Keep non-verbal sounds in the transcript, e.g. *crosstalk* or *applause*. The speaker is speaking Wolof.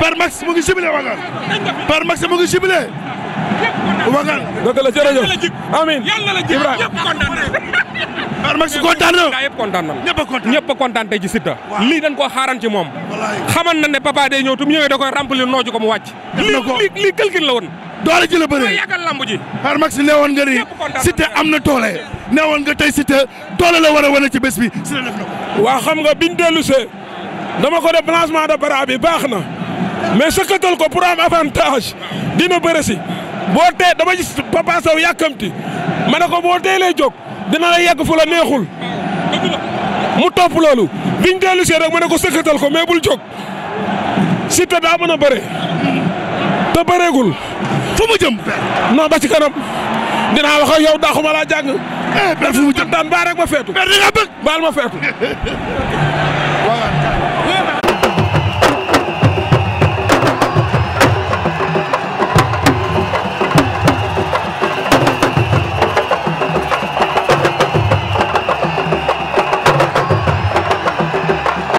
Père Max mu ngi jubilé Wagan Père Max mu ngi jubilé Wagan dëgg la jërëjëf amiin Ibrahima Père Max kontaan na ñëpp kontaan ñëpp a kontaan tey ci Siteu lii dañ koo xaaran ci moom xaman na ne papa day ñëw tu mu ñëwee da koy remplir nooju ko mu wàcc lii lii këlkin la woon doole ji la bëree yàggal lamb ji Père Max ne woon nga ni Siteu am na doole ne woon nga tey Siteu doole la war a wane ci bés bi Siteu waa xam nga biñ dellu dama ko def de bras bi baax na mais sëkkatal ko pour am avantage dina bëre si boo tee dama gis Papa Sow yàkkamti ma ne ko boo teelee jóg dina la yegg fu neexul mu topp loolu biñ dellu rek ma ne ko sëkkatal ko mais bul jóg Siteu daa mën a bëre te bëreegul fu mu jëm non ci kanam dinaa wax ak yow daaxuma laa jàng. eh fu mu rek ma feetu. mais da ma feetu. *laughs*